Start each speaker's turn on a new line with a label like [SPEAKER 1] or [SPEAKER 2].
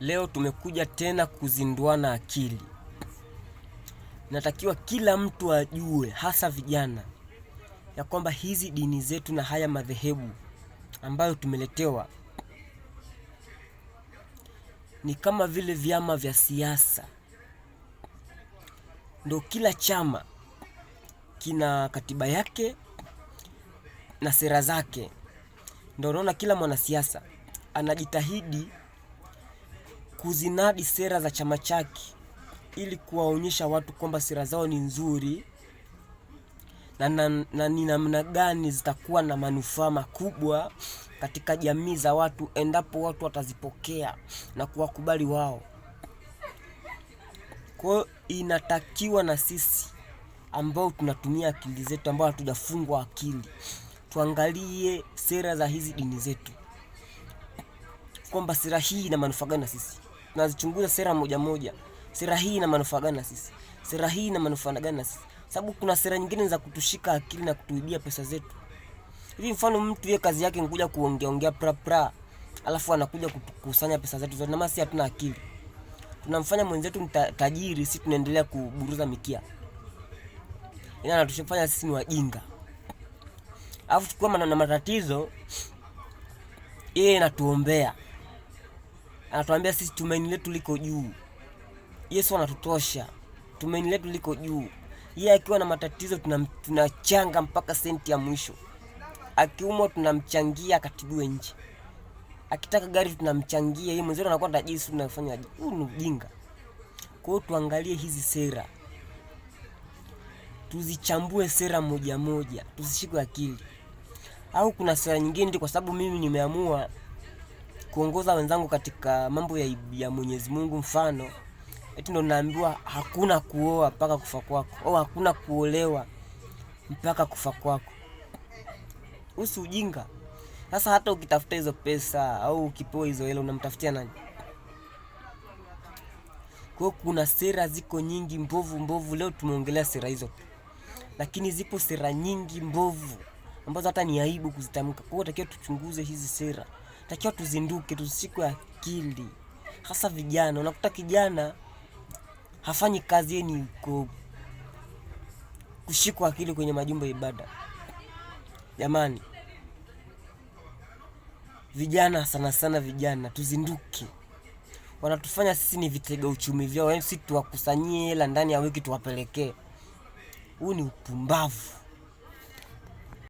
[SPEAKER 1] Leo tumekuja tena kuzinduana akili. Natakiwa kila mtu ajue, hasa vijana, ya kwamba hizi dini zetu na haya madhehebu ambayo tumeletewa ni kama vile vyama vya siasa. Ndio kila chama kina katiba yake na sera zake. Ndio unaona kila mwanasiasa anajitahidi kuzinadi sera za chama chake ili kuwaonyesha watu kwamba sera zao ni nzuri na, na, na ni namna gani zitakuwa na manufaa makubwa katika jamii za watu endapo watu watazipokea na kuwakubali wao. Kwa hiyo inatakiwa na sisi ambao tunatumia akili zetu, ambao hatujafungwa akili, tuangalie sera za hizi dini zetu kwamba sera hii ina manufaa gani na sisi tunazichunguza sera moja moja. Sera hii ina manufaa gani na sisi? Sera hii ina manufaa gani na sisi? Sababu kuna sera nyingine za kutushika akili na kutuibia pesa zetu. Hivi mfano mtu yeye kazi yake ngoja kuongea ongea pra pra, alafu anakuja kukusanya pesa zetu zote, na masi hatuna akili. Tunamfanya mwenzetu tajiri, sisi tunaendelea kuburuza mikia. Ina yaani anatufanya sisi ni wajinga. Alafu chukua na matatizo yeye anatuombea anatuambia sisi tumaini letu liko juu. Yesu anatutosha, tumaini letu liko juu. Yeye akiwa na matatizo tunachanga tuna mpaka senti ya mwisho, akiumwa tunamchangia akatibiwe nje, akitaka gari tunamchangia yeye mwenzetu, anakuwa tajisi tunafanya Huu ni ujinga. Kwa hiyo tuangalie hizi sera, tuzichambue sera moja moja, tuzishike akili. Au kuna sera nyingine, kwa sababu mimi nimeamua kuongoza wenzangu katika mambo ya, ya Mwenyezi Mungu. Mfano eti ndo naambiwa hakuna kuoa mpaka kufa kwako, au hakuna kuolewa mpaka kufa kwako. Usi ujinga sasa. Hata ukitafuta hizo pesa au ukipewa hizo hela, unamtafutia nani? Kwa kuna sera ziko nyingi mbovu mbovu. Leo tumeongelea sera hizo lakini zipo sera nyingi mbovu ambazo hata ni aibu kuzitamka. Kwa hiyo takiwa tuchunguze hizi sera takiwa tuzinduke, tushikwe akili, hasa vijana. Unakuta kijana hafanyi kazi, yeye ni kushikwa akili kwenye majumba ya ibada. Jamani, vijana sana sana, vijana tuzinduke. Wanatufanya sisi ni vitega uchumi vyao, yaani sisi tuwakusanyie hela ndani ya wiki tuwapelekee. Huu ni upumbavu.